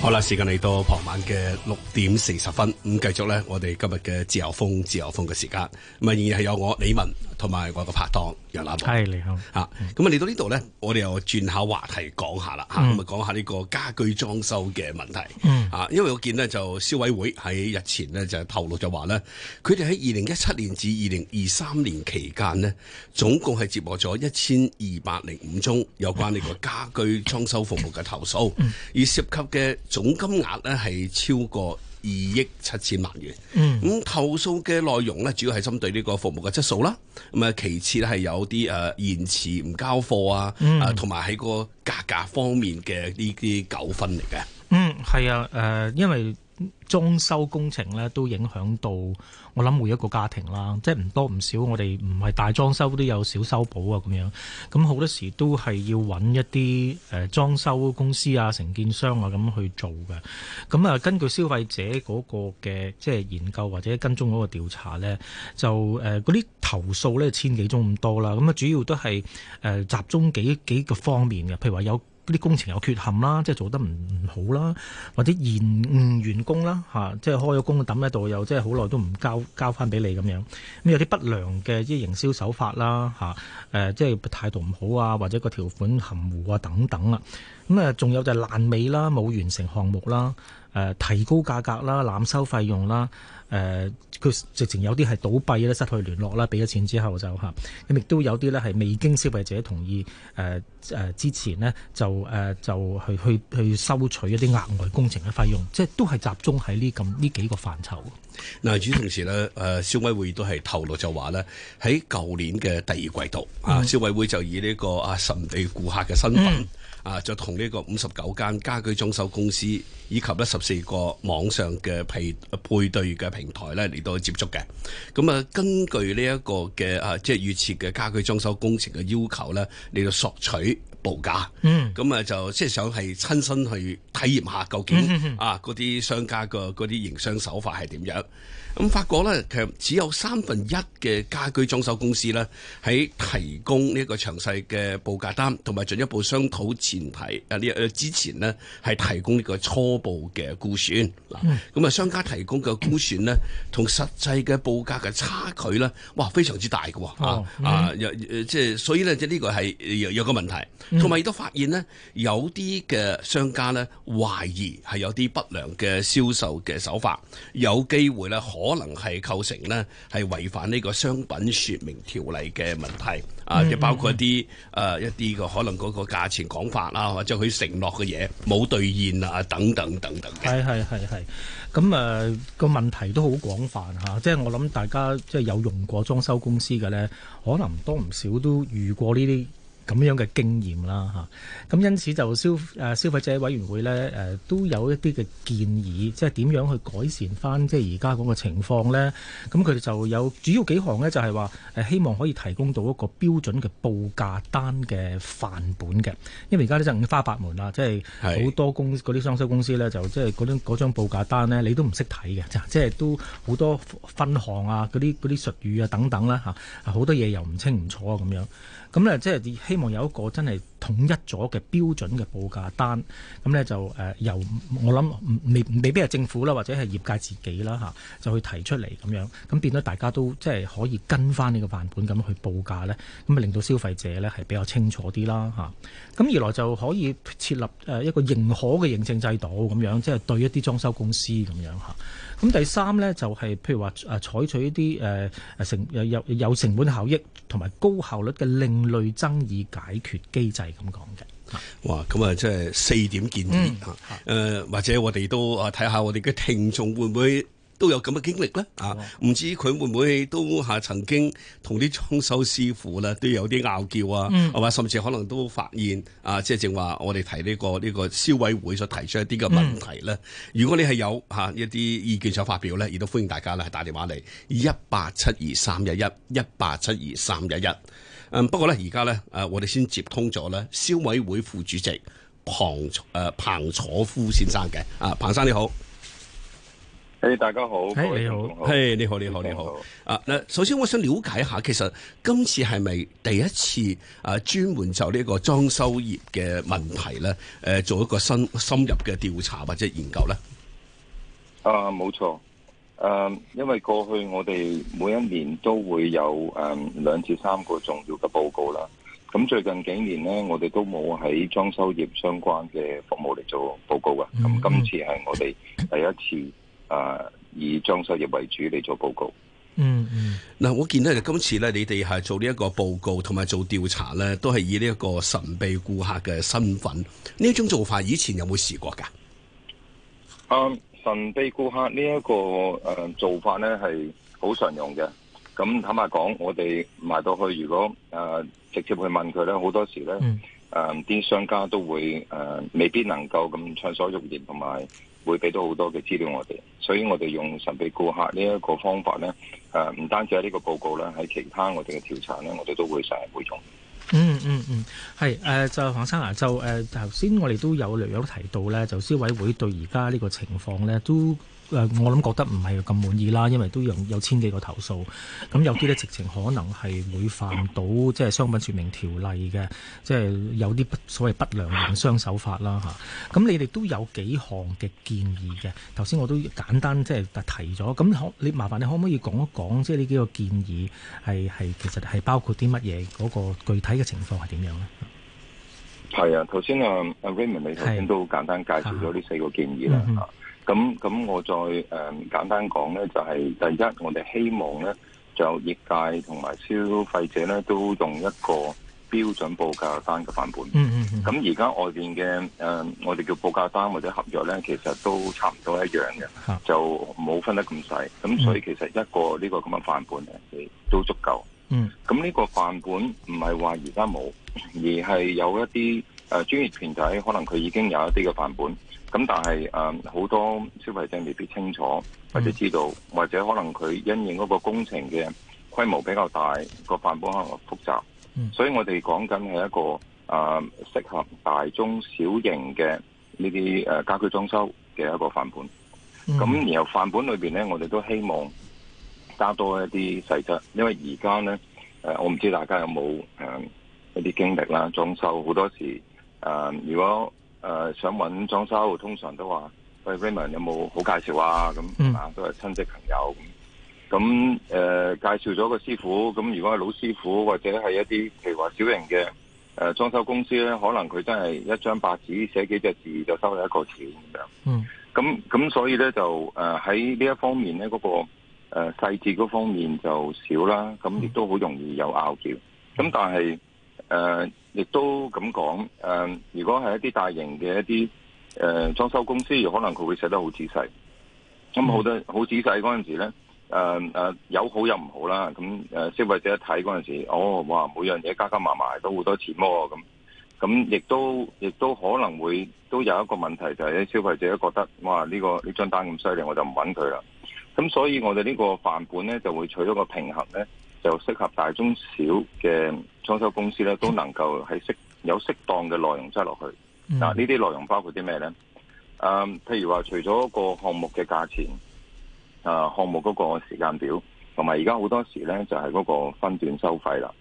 好啦，時間嚟到傍晚嘅六點四十分，咁繼續咧，我哋今日嘅自由風自由風嘅時間，咁啊而係有我李文同埋我個拍檔楊立文。係你好，吓咁啊嚟、嗯、到呢度呢，我哋又轉下話題講下啦，吓咁啊講下呢個家居裝修嘅問題，嗯啊，因為我見呢，就消委會喺日前呢，就透露就話呢，佢哋喺二零一七年至二零二三年期間呢，總共係接獲咗一千二百零五宗有關呢個家居裝修服務嘅投訴，而、嗯、涉及嘅。總金額咧係超過二億七千萬元。嗯，咁投訴嘅內容咧，主要係針對呢個服務嘅質素啦。咁啊，其次咧係有啲誒延遲唔交貨啊，誒同埋喺個價格方面嘅呢啲糾紛嚟嘅。嗯，係啊，誒、呃，因為裝修工程咧都影響到。我諗每一個家庭啦，即係唔多唔少，我哋唔係大裝修都有小修補啊咁樣，咁好多時都係要揾一啲誒裝修公司啊、承建商啊咁去做嘅。咁啊，根據消費者嗰個嘅即係研究或者跟蹤嗰個調查咧，就誒嗰啲投訴咧千幾宗咁多啦。咁啊，主要都係集中幾幾個方面嘅，譬如話有啲工程有缺陷啦，即係做得唔好啦，或者延誤完工啦，吓即係開咗工抌喺度，又即係好耐都唔交交翻俾你咁樣。咁有啲不良嘅即啲營銷手法啦，吓誒，即係態度唔好啊，或者個條款含糊啊等等啦。咁啊，仲有就爛尾啦，冇完成項目啦，誒，提高價格啦，濫收費用啦。誒佢、呃、直情有啲係倒閉咧，失去聯絡啦，俾咗錢之後就嚇，咁亦都有啲咧係未經消費者同意誒誒、呃呃、之前咧就誒、呃、就去去去收取一啲額外工程嘅費用，即係都係集中喺呢咁呢幾個範疇。嗱、呃，與此同時咧，誒消委會都係透露就話咧，喺舊年嘅第二季度啊，消委會就以呢、這個阿、啊、神秘顧客嘅身份。嗯嗯啊，就同呢一個五十九間家居裝修公司，以及一十四個網上嘅配配對嘅平台咧嚟到接觸嘅。咁啊，根據呢一個嘅啊，即係預設嘅家居裝修工程嘅要求咧，嚟到索取報價。嗯。咁啊，就即係想係親身去體驗一下究竟、嗯、哼哼啊，嗰啲商家個嗰啲營商手法係點樣？咁發覺咧，其實只有三分一嘅家居裝修公司咧，喺提供呢個詳細嘅報價單同埋進一步商討前提啊，呢、呃、誒之前咧，係提供呢個初步嘅估算嗱。咁啊、嗯，商家提供嘅估算咧，同實際嘅報價嘅差距咧，哇，非常之大嘅、啊哦嗯啊。啊啊，又即係所以咧，即係呢個係有，有個問題，同埋亦都發現咧，有啲嘅商家咧，懷疑係有啲不良嘅銷售嘅手法，有機會咧可。可能係構成呢，係違反呢個商品說明條例嘅問題啊，嗯、包括一啲誒一啲可能嗰個價錢講法啦，或者佢承諾嘅嘢冇兌現啊，等等等等嘅。係係係係，咁誒個問題都好廣泛吓，啊，即係我諗大家即係有用過裝修公司嘅咧，可能多唔少都遇過呢啲。咁樣嘅經驗啦，嚇咁因此就消消費者委員會咧都有一啲嘅建議，即係點樣去改善翻即係而家嗰個情況咧？咁佢哋就有主要幾項咧，就係話希望可以提供到一個標準嘅報價單嘅範本嘅，因為而家咧就五花八門啦，是即係好多公司嗰啲裝修公司咧，就即係嗰張嗰張報價單咧，你都唔識睇嘅，即係都好多分項啊，嗰啲嗰啲術語啊等等啦，嚇好多嘢又唔清唔楚啊咁樣。咁咧，即係希望有一個真係統一咗嘅標準嘅報價單。咁咧就誒由我諗，未未必係政府啦，或者係業界自己啦，嚇就去提出嚟咁樣。咁變咗大家都即係可以跟翻呢個範本咁去報價咧。咁啊，令到消費者咧係比較清楚啲啦，嚇，咁二來就可以設立誒一個認可嘅認證制度咁樣，即係對一啲裝修公司咁樣，嚇，咁第三咧就係、是、譬如話採取一啲、呃、成有有成本效益同埋高效率嘅類爭議解決機制咁講嘅，哇！咁啊，即係四點建議誒、嗯呃，或者我哋都啊睇下，看看我哋嘅聽眾會唔會都有咁嘅經歷咧、嗯啊？啊，唔知佢會唔會都吓曾經同啲裝修師傅都有啲拗撬啊，係嘛、嗯啊？甚至可能都發現啊，即係正話我哋提呢、這個呢、這個消委會所提出的一啲嘅問題咧。嗯、如果你係有吓、啊、一啲意見想發表咧，亦都歡迎大家咧係打電話嚟一八七二三一一一八七二三一一。嗯，不過咧，而家咧，誒、啊，我哋先接通咗咧消委會副主席彭誒彭楚夫先生嘅，啊，彭生你好，誒，hey, 大家好，你好，係、hey, 你好，你好，你好，啊，嗱，首先我想了解一下，其實今次係咪第一次啊專門就呢個裝修業嘅問題咧，誒、啊、做一個深深入嘅調查或者研究咧？啊，冇錯。誒、嗯，因為過去我哋每一年都會有誒兩至三個重要嘅報告啦。咁、嗯、最近幾年呢，我哋都冇喺裝修業相關嘅服務嚟做報告嘅。咁、嗯、今次係我哋第一次誒、嗯、以裝修業為主嚟做報告。嗯嗯。嗱、嗯啊，我見到就今次呢，你哋係做呢一個報告同埋做調查呢，都係以呢一個神秘顧客嘅身份呢種做法，以前有冇試過㗎？嗯。神秘顧客呢一個誒做法呢係好常用嘅，咁坦白講，我哋賣到去如果誒直接去問佢呢，好多時呢誒啲商家都會誒、啊、未必能夠咁暢所欲言，同埋會俾到好多嘅資料我哋，所以我哋用神秘顧客呢一個方法呢，誒、啊、唔單止喺呢個報告呢，喺其他我哋嘅調查呢，我哋都會成日會用。嗯嗯嗯，係、嗯、誒、嗯呃，就黃生啊，就誒頭先我哋都有略有提到咧，就消委會對而家呢個情況咧都。呃、我諗覺得唔係咁滿意啦，因為都有有千幾個投訴，咁有啲咧直情可能係會犯到即係商品說明條例嘅，即係有啲不所謂不良營商手法啦咁、啊、你哋都有幾項嘅建議嘅，頭先我都簡單即係提咗。咁你麻煩你可唔可以講一講即係呢幾個建議係係其實係包括啲乜嘢嗰個具體嘅情況係點樣呢？係啊，頭先啊，阿 Raymond 你頭先都簡單介紹咗呢四個建議啦。咁咁，我再誒、呃、簡單講咧，就係、是、第一，我哋希望咧，就業界同埋消費者咧，都用一個標準報價單嘅範本。嗯嗯。咁而家外邊嘅誒、呃，我哋叫報價單或者合約咧，其實都差唔多一樣嘅，啊、就冇分得咁細。咁所以其實一個,這個這呢個咁嘅範本，誒都足夠。嗯。咁呢個範本唔係話而家冇，而係有一啲誒、呃、專業團體可能佢已經有一啲嘅範本。咁但係誒好多消費者未必清楚或者知道，嗯、或者可能佢因應嗰個工程嘅規模比較大，個範本可能複雜，嗯、所以我哋講緊係一個誒、呃、適合大中小型嘅呢啲誒家居裝修嘅一個範本。咁、嗯、然後範本裏邊咧，我哋都希望加多一啲細則，因為而家咧誒我唔知大家有冇誒一啲經歷啦，裝修好多時誒、呃、如果。誒、呃，想揾裝修，通常都話喂 Raymond 有冇好介紹啊？咁啊，嗯、都係親戚朋友咁。咁誒、呃，介紹咗個師傅。咁如果係老師傅，或者係一啲譬如話小型嘅、呃、裝修公司咧，可能佢真係一張白紙寫幾隻字就收你一個錢咁樣。嗯。咁咁，所以咧就誒喺呢一方面咧，嗰、那個誒、呃、細節嗰方面就少啦。咁亦都好容易有拗撬。咁但係誒。呃亦都咁講，誒、呃，如果係一啲大型嘅一啲誒、呃、裝修公司，可能佢會寫得好仔細。咁好多好仔細嗰陣時咧，誒、呃呃、有好有唔好啦。咁、呃、消費者一睇嗰陣時，哦，哇，每樣嘢加加埋埋都好多錢喎、啊。咁咁亦都亦都可能會都有一個問題，就係、是、消費者覺得，哇，呢、這個呢張單咁犀利，我就唔揾佢啦。咁所以我哋呢個範本咧就會取咗個平衡咧。就適合大中小嘅裝修公司咧，都能夠喺適有適當嘅內容擠落去。嗱、嗯，呢啲內容包括啲咩咧？誒、呃，譬如話，除咗個項目嘅價錢，呃、項目嗰個時間表，同埋而家好多時咧就係、是、嗰個分段收費啦。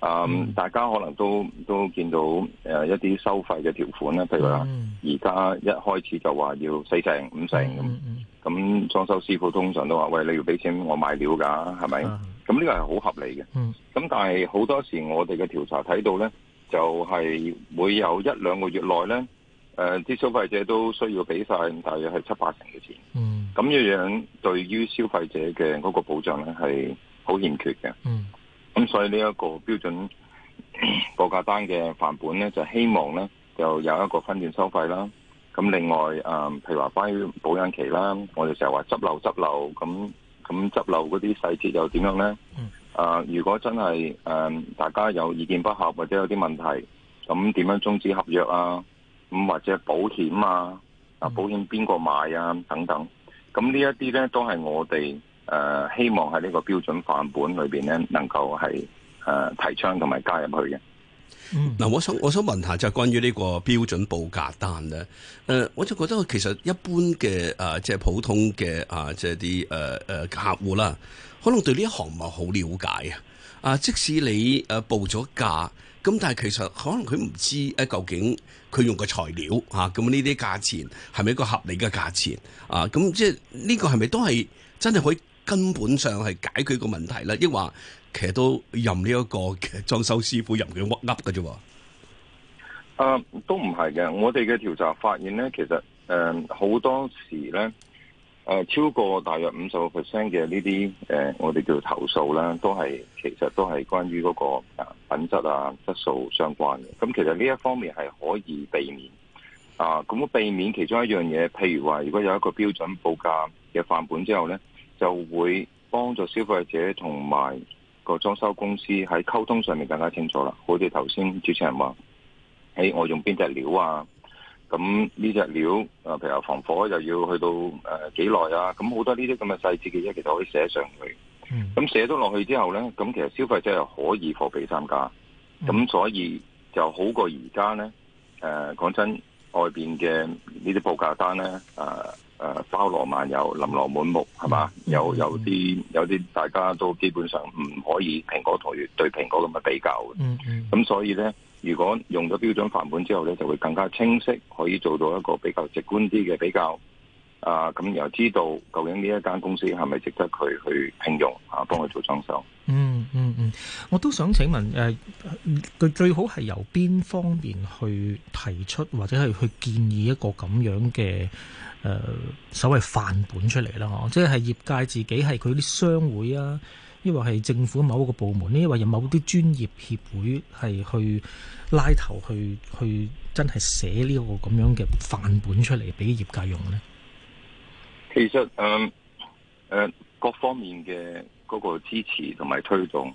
誒、呃，嗯、大家可能都都見到一啲收費嘅條款啦。譬如話，而家一開始就話要四成五成咁，咁裝、嗯、修師傅通常都話：喂，你要俾錢我買料㗎，係咪？嗯咁呢個係好合理嘅，咁、嗯、但係好多時我哋嘅調查睇到呢，就係、是、每有一兩個月內呢誒，啲、呃、消費者都需要俾晒大約係七八成嘅錢，咁、嗯、樣對於消費者嘅嗰個保障呢係好欠缺嘅，咁、嗯、所以呢一個標準呵呵報價單嘅範本呢，就希望呢就有一個分段收費啦，咁另外誒、呃，譬如話關於保養期啦，我哋成日話執漏執漏咁。咁執漏嗰啲細節又點樣呢？啊，如果真係誒、呃，大家有意見不合或者有啲問題，咁點樣終止合約啊？咁或者保險啊？啊，保險邊個買啊？等等，咁呢一啲呢，都係我哋誒、呃，希望喺呢個標準範本裏邊呢，能夠係誒提倡同埋加入去嘅。嗱、嗯啊，我想我想問下，就係關於呢個標準報價單咧，誒、呃，我就覺得其實一般嘅，呃、即係普通嘅啊，即係啲誒誒客戶啦，可能對呢一行唔係好了解啊。啊，即使你誒、呃、報咗價，咁但係其實可能佢唔知誒、啊、究竟佢用嘅材料吓，咁呢啲價錢係咪一個合理嘅價錢啊？咁即係呢個係咪都係真係可以根本上係解決個問題咧？抑或？其實都任呢、這、一個裝修師傅任佢屈嘅啫。誒、呃，都唔係嘅。我哋嘅調查發現咧，其實誒好、呃、多時咧，誒、呃、超過大約五十個 percent 嘅呢啲誒，我哋叫做投訴啦，都係其實都係關於嗰個品質啊、質素、啊、質素相關嘅。咁其實呢一方面係可以避免啊。咁避免其中一樣嘢，譬如話如果有一個標準報價嘅範本之後咧，就會幫助消費者同埋。個裝修公司喺溝通上面更加清楚啦。好似頭先主持人話，誒，我用邊隻料啊？咁呢隻料啊，譬如話防火又要去到誒幾耐啊？咁好多呢啲咁嘅細節嘅嘢，其實可以寫上去。咁寫咗落去之後呢，咁其實消費者又可以貨比三家。咁所以就好過而家呢。誒、呃，講真，外邊嘅呢啲報價單呢。啊、呃。誒、啊、包羅萬有，琳琅滿目，係嘛？有有啲有啲，大家都基本上唔可以蘋果台與對蘋果咁嘅比較嘅。咁、嗯嗯、所以呢，如果用咗標準範本之後呢，就會更加清晰，可以做到一個比較直觀啲嘅比較。啊，咁又知道究竟呢一間公司係咪值得佢去聘用啊？幫佢做裝修。嗯嗯嗯，我都想請問誒，佢、呃、最好係由邊方面去提出，或者係去建議一個咁樣嘅？誒、呃，所謂範本出嚟啦、啊，即係業界自己係佢啲商會啊，抑或係政府某一個部門，呢，抑或有某啲專業協會係去拉頭去去真係寫呢個咁樣嘅範本出嚟俾業界用咧。其實誒誒、呃呃，各方面嘅嗰個支持同埋推動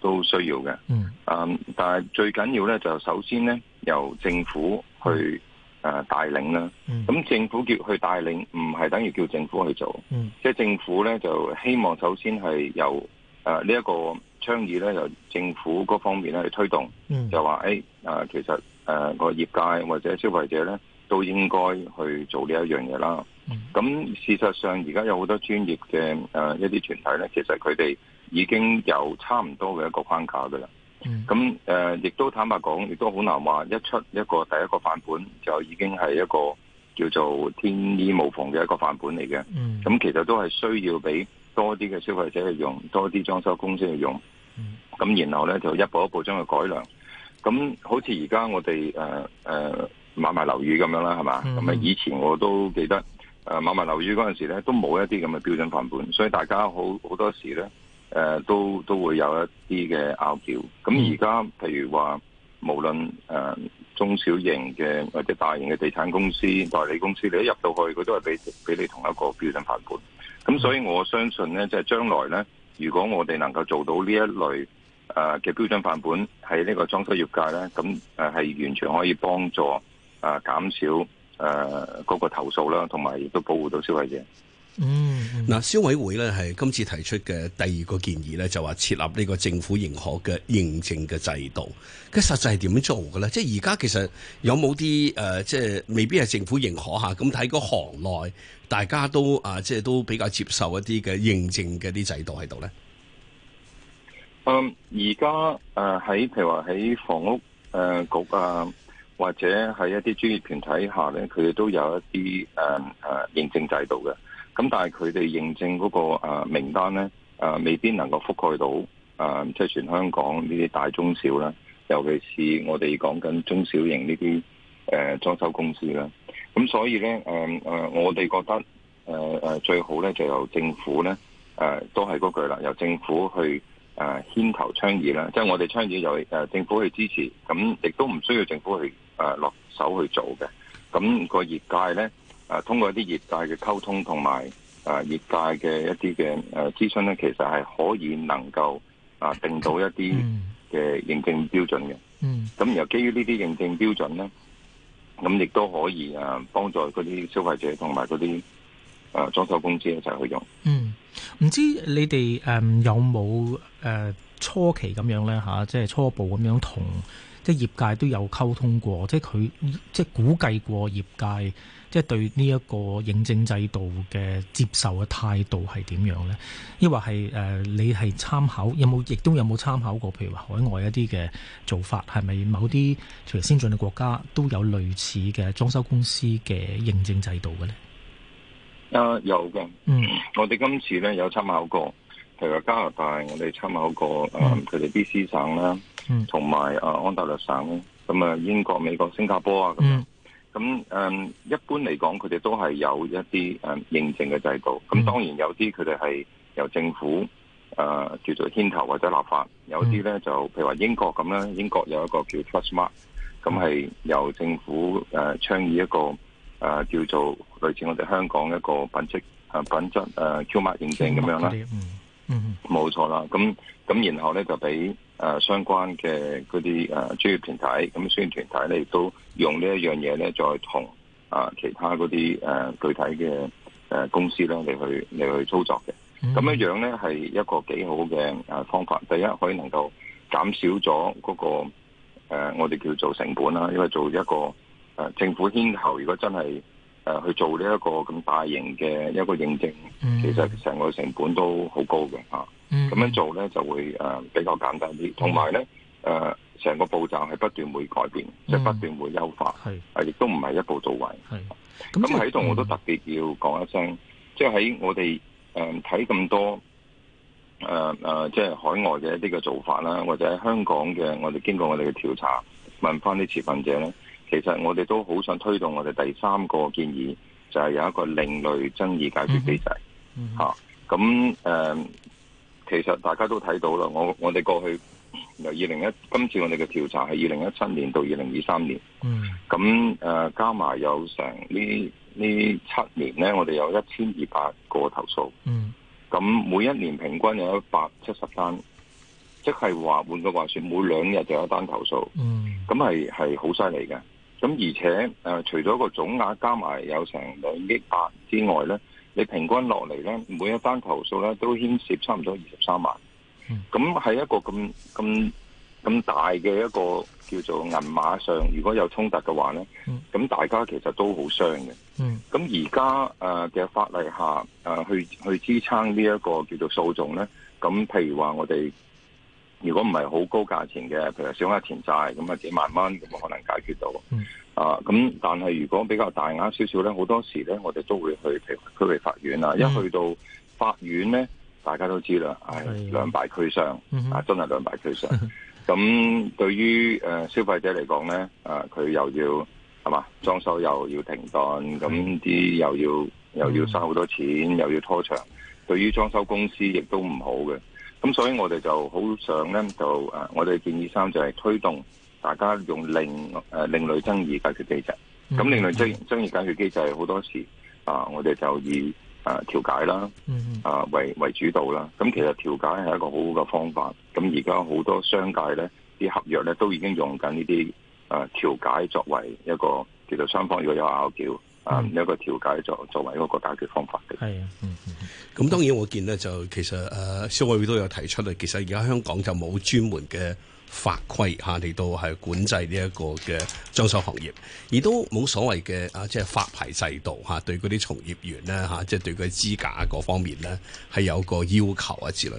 都需要嘅，嗯、呃，但係最緊要呢，就首先呢，由政府去。誒帶、呃、領啦，咁、嗯、政府叫去帶領，唔係等於叫政府去做，即係、嗯、政府咧就希望首先係由誒呢一個倡議咧由政府嗰方面咧去推動，嗯、就話誒啊其實誒個、呃、業界或者消費者咧都應該去做呢一樣嘢啦。咁、嗯、事實上而家有好多專業嘅誒、呃、一啲團體咧，其實佢哋已經有差唔多嘅一個框架㗎喇。咁誒，亦、嗯呃、都坦白講，亦都好難話一出一個第一個範本就已經係一個叫做天衣無縫嘅一個範本嚟嘅。咁、嗯、其實都係需要俾多啲嘅消費者去用，多啲裝修公司去用。咁、嗯、然後呢，就一步一步將佢改良。咁好似而家我哋誒誒買賣樓宇咁樣啦，係嘛？咁啊、嗯，以前我都記得誒、呃、買賣樓宇嗰陣時呢都冇一啲咁嘅標準範本，所以大家好好多時呢。誒都都會有一啲嘅拗撬，咁而家譬如話，無論誒中小型嘅或者大型嘅地產公司、代理公司，你一入到去，佢都係俾俾你同一個標準範本。咁所以我相信呢，即係將來呢，如果我哋能夠做到呢一類誒嘅標準範本喺呢個裝修業界呢，咁誒係完全可以幫助誒減少誒嗰個投訴啦，同埋亦都保護到消費者。嗯，嗱、嗯，消委會咧，係今次提出嘅第二個建議咧，就話設立呢個政府認可嘅認證嘅制度。咁實際係點樣做嘅咧？即係而家其實有冇啲，誒，即係未必係政府認可下。咁睇，個行內，大家都啊、呃，即係都比較接受一啲嘅認證嘅啲制度喺度咧。嗯，而家誒喺譬如話喺房屋誒、呃、局啊，或者喺一啲專業團體下咧，佢哋都有一啲誒誒認證制度嘅。咁但係佢哋認證嗰個名單咧，未必能夠覆蓋到，即係全香港呢啲大中小啦，尤其是我哋講緊中小型呢啲誒裝修公司啦。咁、啊、所以咧、啊，我哋覺得、啊、最好咧，就由政府咧、啊、都係嗰句啦，由政府去、啊、牽頭倡議啦。即係我哋倡議，就是、議由政府去支持，咁亦都唔需要政府去落、啊、手去做嘅。咁、嗰個業界咧。啊！通過一啲業界嘅溝通同埋啊業界嘅一啲嘅誒諮詢咧，其實係可以能夠啊定到一啲嘅認證標準嘅。嗯。咁然後基於呢啲認證標準咧，咁亦都可以啊幫助嗰啲消費者同埋嗰啲啊裝修公司一齊去用。嗯，唔知你哋誒有冇誒、呃、初期咁樣咧嚇、啊，即係初步咁樣同即係業界都有溝通過，即係佢即係估計過業界。即係對呢一個認證制度嘅接受嘅態度係點樣咧？抑或係誒，你係參考有冇，亦都有冇參考過？譬如話海外一啲嘅做法，係咪某啲，譬如先進嘅國家都有類似嘅裝修公司嘅認證制度嘅咧？啊，有嘅，嗯，我哋今次咧有參考過，譬如話、啊嗯、加拿大，我哋參考過誒，佢哋 B C 省啦，同埋啊安大略省，咁啊英國、美國、新加坡啊咁。嗯咁誒、嗯、一般嚟講佢哋都係有一啲誒、嗯、認證嘅制度。咁當然有啲佢哋係由政府誒、呃、叫做牽頭或者立法，有啲咧就譬如話英國咁啦，英國有一個叫 Trustmark，咁係由政府誒、呃、倡議一個誒、呃、叫做類似我哋香港一個品質啊品質誒、呃、QMark 認證咁樣啦。嗯嗯，冇錯啦。咁咁然後咧就俾。誒、啊、相關嘅嗰啲誒專業團體，咁專業團體咧亦都用這呢一樣嘢咧，再同啊其他嗰啲誒具體嘅誒公司咧，你去嚟去操作嘅。咁一、mm hmm. 樣咧係一個幾好嘅誒方法。第一可以能夠減少咗嗰、那個、啊、我哋叫做成本啦，因為做一個誒、啊、政府牽頭，如果真係誒、啊、去做呢一個咁大型嘅一個認證，mm hmm. 其實成個成本都好高嘅嚇。咁、嗯、樣做咧就會誒比較簡單啲，同埋咧誒成個步驟係不斷會改變，即係的不斷會優化，係亦都唔係一步到位。係咁喺度，就是，我都特別要講一聲，即係喺我哋誒睇咁多誒、誒，即、呃、係、呃就是，海外嘅一啲嘅做法啦，或者喺香港嘅，我哋經過我哋嘅調查，問翻啲持份者咧，其實我哋都好想推動我哋第三個建議，就係、是、有一個另類爭議解決機制。吓咁誒。嗯其實大家都睇到啦，我我哋過去由二零一今次我哋嘅調查係二零一七年到二零二三年，咁誒加埋有成呢呢七年咧，我哋有一千二百個投訴，咁、mm. 每一年平均有一百七十單，即係話換個話說，每兩日就有一單投訴，咁係係好犀利嘅。咁而且、呃、除咗個總額加埋有成兩億八之外咧。你平均落嚟咧，每一單投訴咧都牽涉差唔多二十三萬。咁係一個咁咁咁大嘅一個叫做銀碼上，如果有衝突嘅話咧，咁大家其實都好傷嘅。咁而家誒嘅法例下誒、呃、去去支撐呢一個叫做訴訟咧，咁譬如話我哋。如果唔係好高價錢嘅，譬如小額錢債咁啊幾萬蚊咁啊可能解決到、嗯、啊咁，但係如果比較大額少少咧，好多時咧我哋都會去譬如區域法院啦。一、嗯、去到法院咧，大家都知啦，唉、哎，兩敗俱傷啊，真係兩敗俱傷。咁對於誒消費者嚟講咧，啊佢又要係嘛裝修又要停頓，咁啲又要、嗯、又要收好多錢，嗯、又要拖長，對於裝修公司亦都唔好嘅。咁所以我哋就好想咧，就誒、啊，我哋建議三就係推動大家用另誒另類爭議解決機制。咁另類爭爭議解決機制好多時啊，我哋就以誒、啊、調解啦，啊為為主導啦。咁其實調解係一個好好嘅方法。咁而家好多商界咧啲合約咧都已經用緊呢啲誒調解作為一個，叫做雙方如果有拗撬。啊，有、嗯、個調解作作為一個解決方法嘅。係啊，嗯，咁、嗯、當然我見呢，就其實誒，消委會都有提出啊，其實而家香港就冇專門嘅法規吓嚟、啊、到係管制呢一個嘅裝修行業，亦都冇所謂嘅啊，即、就、係、是、發牌制度吓、啊，對嗰啲從業員呢，吓、啊，即、就、係、是、對佢資格方面呢，係有個要求啊之類。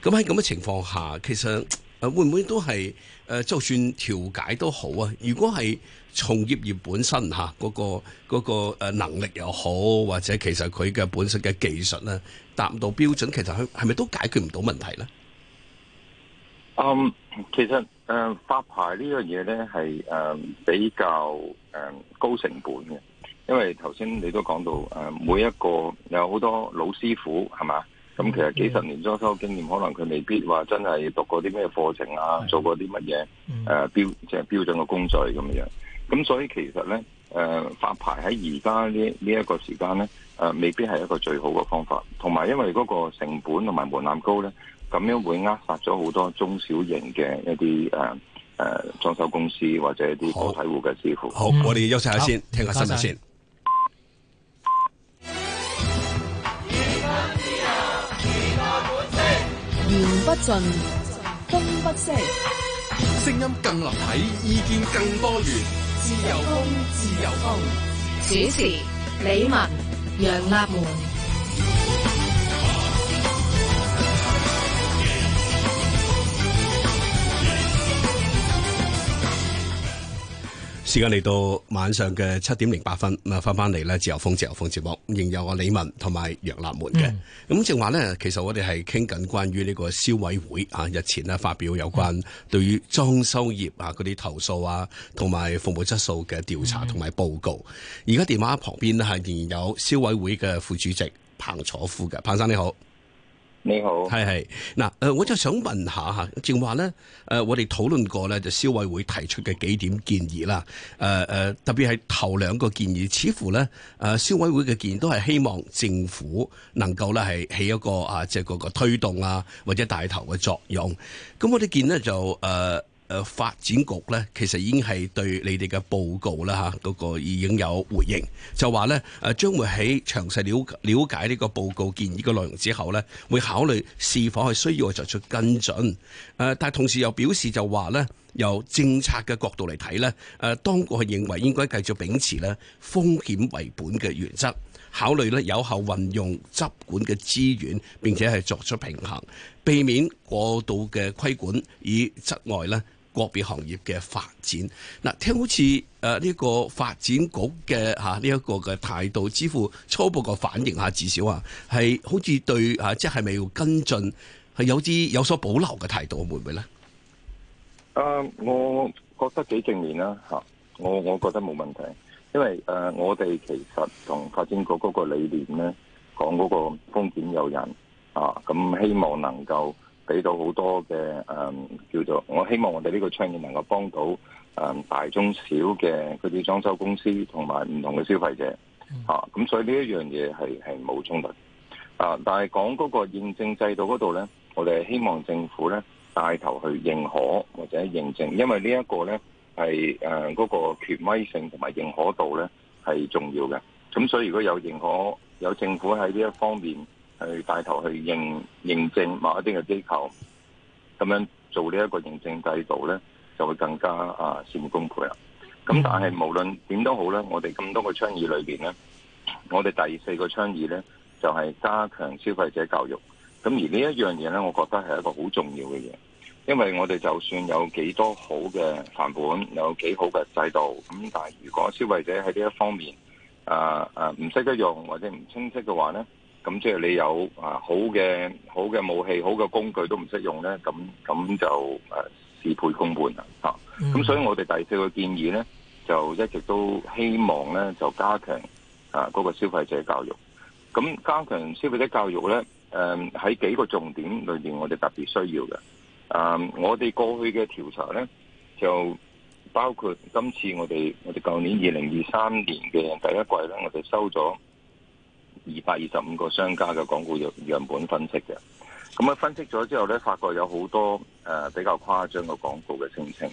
咁喺咁嘅情況下，其實誒、啊、會唔會都係誒、啊、就算調解都好啊？如果係。從業員本身嚇嗰、那個嗰、那個能力又好，或者其實佢嘅本身嘅技術咧達唔到標準，其實佢係咪都解決唔到問題咧？嗯，um, 其實誒發、呃、牌呢樣嘢咧係誒比較誒、呃、高成本嘅，因為頭先你都講到誒、呃、每一個有好多老師傅係嘛，咁其實幾十年裝修經驗，mm hmm. 可能佢未必話真係讀過啲咩課程啊，做、mm hmm. 過啲乜嘢誒標即係、就是、標準嘅工序咁樣。咁所以其實咧，誒、呃、發牌喺而家呢呢一個時間咧，誒、呃、未必係一個最好嘅方法，同埋因為嗰個成本同埋門檻高咧，咁樣會扼殺咗好多中小型嘅一啲誒誒裝修公司或者一啲個體戶嘅支付。好，好，我哋休息下先，好聽下新聞先。言不盡，風不息，聲音更立體，意見更多元。自由風，自由風。主持：李文、楊立門。時間嚟到晚上嘅七點零八分，咁啊翻翻嚟咧，自由風自由風節目，仍有我李文同埋楊立門嘅。咁、嗯、正話咧，其實我哋係傾緊關於呢個消委會啊日前咧發表有關對於裝修業啊嗰啲投訴啊同埋服務質素嘅調查同埋報告。而家、嗯、電話旁邊呢，係仍然有消委會嘅副主席彭楚夫嘅，彭生你好。你好，係係嗱，誒、呃，我就想問下吓，正話咧，誒、呃，我哋討論過咧，就消委會提出嘅幾點建議啦，誒、呃、誒，特別係頭兩個建議，似乎咧，誒、呃，消委會嘅建議都係希望政府能夠咧係起一個啊，即係嗰個推動啊或者帶頭嘅作用，咁我哋見呢就誒。呃誒，發展局呢其實已經係對你哋嘅報告啦，吓個已經有回應，就話呢誒，將會喺詳細了了解呢個報告建議嘅內容之後呢會考慮是否係需要作出跟進。誒，但同時又表示就話呢由政策嘅角度嚟睇呢，誒，當局係認為應該繼續秉持呢風險為本嘅原則，考慮呢有效運用執管嘅資源，並且係作出平衡，避免過度嘅規管以窒礙呢個別行業嘅發展，嗱聽好似誒呢個發展局嘅吓呢一個嘅態度，似乎初步嘅反應下至少啊，係好似對啊，即係咪要跟進，係有啲有所保留嘅態度，會唔會咧？誒、呃，我覺得幾正面啦吓，我我覺得冇問題，因為誒、呃、我哋其實同發展局嗰個理念咧，講嗰個風險有人啊，咁希望能夠。俾到好多嘅、嗯、叫做我希望我哋呢個倡議能夠幫到、嗯、大中小嘅嗰啲裝修公司同埋唔同嘅消費者咁、啊、所以呢一樣嘢係係冇衝突啊！但係講嗰個認證制度嗰度咧，我哋希望政府咧帶頭去認可或者認證，因為呢一個咧係誒嗰個權威性同埋認可度咧係重要嘅。咁所以如果有認可有政府喺呢一方面，去帶頭去認認證某一啲嘅機構，咁樣做呢一個認證制度咧，就會更加啊事半功倍啦。咁但係無論點都好咧，我哋咁多個倡議裏邊咧，我哋第四個倡議咧就係、是、加強消費者教育。咁而一呢一樣嘢咧，我覺得係一個好重要嘅嘢，因為我哋就算有幾多好嘅範本，有幾好嘅制度，咁但係如果消費者喺呢一方面啊啊唔識得用或者唔清晰，嘅話咧。咁即係你有啊好嘅好嘅武器，好嘅工具都唔識用咧，咁咁就誒事倍功半啦吓。咁、嗯、所以我哋第四個建議咧，就一直都希望咧就加強啊嗰個消費者教育。咁加強消費者教育咧，誒喺幾個重點裏邊，我哋特別需要嘅。我哋過去嘅調查咧，就包括今次我哋我哋舊年二零二三年嘅第一季咧，我哋收咗。二百二十五個商家嘅廣告樣本分析嘅，咁啊分析咗之後咧，發覺有好多誒比較誇張嘅廣告嘅聲稱，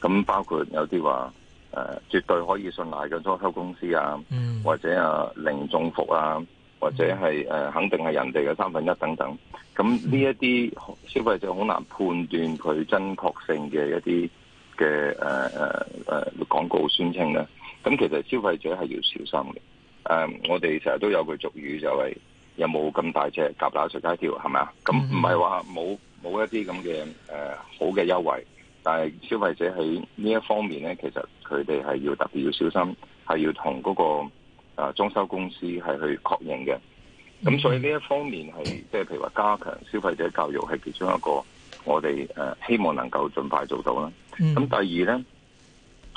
咁包括有啲話誒絕對可以信賴嘅裝修公司啊，或者啊零中伏啊，或者係誒肯定係人哋嘅三分一等等，咁呢一啲消費者好難判斷佢真確性嘅一啲嘅誒誒誒廣告宣稱咧，咁其實消費者係要小心嘅。誒，um, 我哋成日都有句俗語就有有，就係有冇咁大隻夾乸隨街跳，係咪啊？咁唔係話冇冇一啲咁嘅誒好嘅優惠，但係消費者喺呢一方面咧，其實佢哋係要特別要小心，係要同嗰個誒裝修公司係去確認嘅。咁所以呢一方面係即係譬如話加強消費者教育，係其中一個我哋誒希望能夠盡快做到啦。咁第二咧，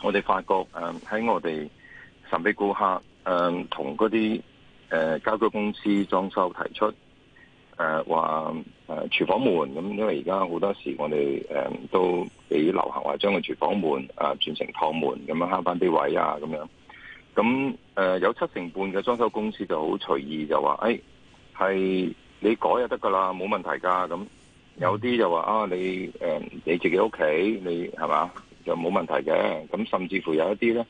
我哋發覺誒喺我哋神秘顧客。誒同嗰啲誒家居公司裝修提出誒話誒廚房門咁，因為而家好多時我哋誒、呃、都幾流行話將個廚房門啊轉成趟門咁樣慳翻啲位啊咁樣。咁誒、啊呃、有七成半嘅裝修公司就好隨意就話誒，係你改就得㗎啦，冇問題㗎。咁有啲就話啊，你誒、呃、你自己屋企你係嘛，就冇問題嘅。咁甚至乎有一啲咧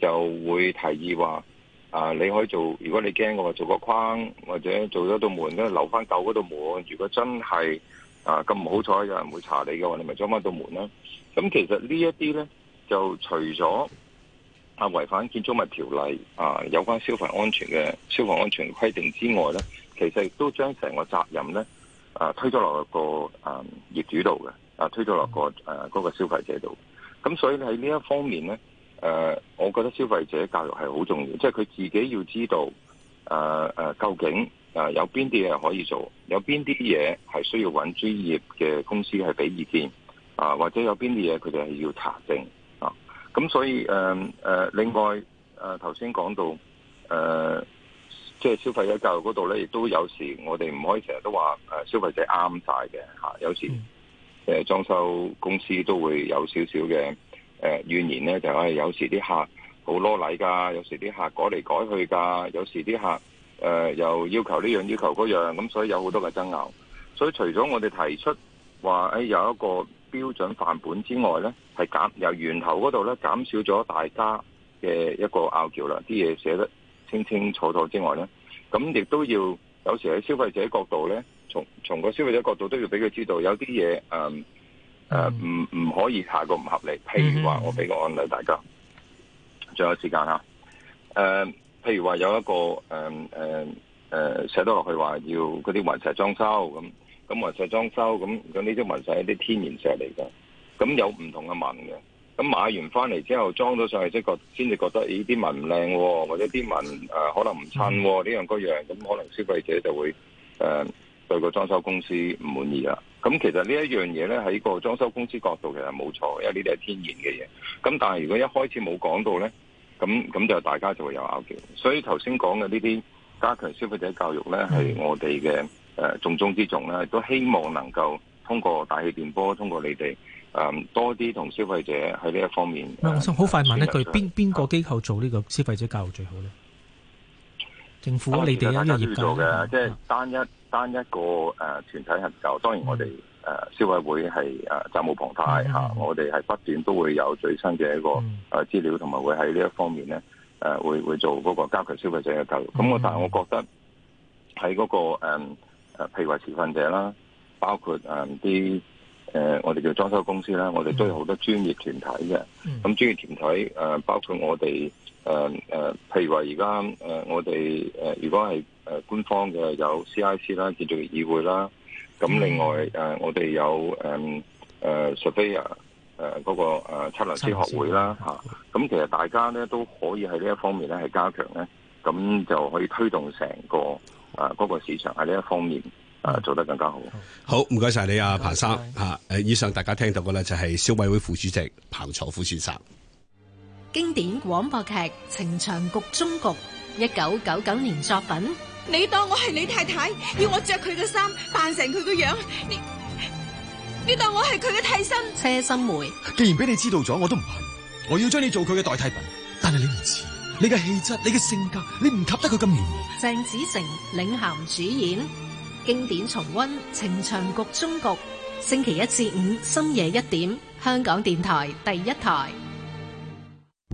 就會提議話，啊！你可以做，如果你驚嘅話，做個框或者做咗道門咧，留翻舊嗰道門。如果真係啊咁唔好彩，有人會查你嘅話，你咪裝翻道門啦。咁其實呢一啲咧，就除咗啊違反建築物條例啊有關消防安全嘅消防安全規定之外咧，其實亦都將成個責任咧啊推咗落個啊業主度嘅啊推咗落個誒嗰個消費者度。咁所以喺呢一方面咧。誒，我覺得消費者教育係好重要，即係佢自己要知道，誒誒，究竟誒有邊啲嘢，可以做，有邊啲嘢係需要搵專業嘅公司係俾意見，啊，或者有邊啲嘢佢哋係要查證啊。咁所以誒誒，另外誒頭先講到誒，即係消費者教育嗰度咧，亦都有時我哋唔可以成日都話誒消費者啱晒嘅吓，有時誒裝修公司都會有少少嘅。誒怨、呃、言咧，就係有時啲客好攞禮㗎，有時啲客改嚟改去㗎，有時啲客誒、呃、又要求呢樣要求嗰樣，咁所以有好多嘅爭拗。所以除咗我哋提出話、哎、有一個標準範本之外咧，係減由源頭嗰度咧減少咗大家嘅一個拗撬啦，啲嘢寫得清清楚楚之外咧，咁亦都要有時喺消費者角度咧，從，從個消費者角度都要俾佢知道有啲嘢誒。誒，唔唔、uh, 可以太過唔合理。譬如話，mm hmm. 我俾個案例大家，仲有時間吓。誒、uh,，譬如話有一個誒誒誒寫得落去話要嗰啲雲石裝修咁，咁雲石裝修咁咁呢啲雲石係一啲天然石嚟嘅，咁有唔同嘅紋嘅。咁買完翻嚟之後裝咗上去，即覺先至覺得咦啲紋唔靚，或者啲紋誒可能唔襯呢樣嗰樣，咁可能消費者就會誒、uh, 對個裝修公司唔滿意啦。咁其實呢一樣嘢咧，喺個裝修公司角度其實冇錯，因為呢啲係天然嘅嘢。咁但係如果一開始冇講到咧，咁咁就大家就會有拗撬。所以頭先講嘅呢啲加強消費者教育咧，係我哋嘅誒重中之重啦，都希望能夠通過大氣電波，通過你哋誒、呃、多啲同消費者喺呢一方面。嗯、我想好快問一句，邊、邊個機構做呢個消費者教育最好咧？嗯、政府啊，嗯、你哋一個業界嘅，即係、嗯、單一。嗯單一個誒、呃、團體合作，當然我哋誒、嗯呃、消委會係誒責無旁貸嚇，我哋係不斷都會有最新嘅一個、嗯啊、資料，同埋會喺呢一方面咧誒、呃、會,會做嗰個加強消費者嘅教育。咁我、嗯嗯、但我覺得喺嗰、那個誒誒譬如話持份者啦，包括誒啲誒我哋叫裝修公司啦，我哋都有好多專業團體嘅。咁、嗯、專業團體誒、呃、包括我哋。誒誒、呃，譬如話而家誒，我哋誒，如果係誒官方嘅有 CIC 啦，建造業議會啦，咁另外誒、嗯呃，我哋有誒誒，Surveyor 啊，誒嗰個誒測量師學會啦，吓，咁其實大家咧都可以喺呢一方面咧係加強咧，咁就可以推動成個誒、呃、那個市場喺呢一方面誒、啊、做得更加好。好，唔該晒你啊，彭生，吓。誒、啊，以上大家聽到嘅咧就係消委會副主席彭楚夫先生。經典廣播劇《情場局中局》，一九九九年作品。你當我係你太太，要我着佢嘅衫，扮成佢個樣。你，你當我係佢嘅替身？車心梅。既然俾你知道咗，我都唔係。我要將你做佢嘅代替品。但係你唔知，你嘅氣質，你嘅性格，你唔及得佢咁完美。鄭子誠領銜主演，經典重溫《情場局中局》。星期一至五深夜一點，香港電台第一台。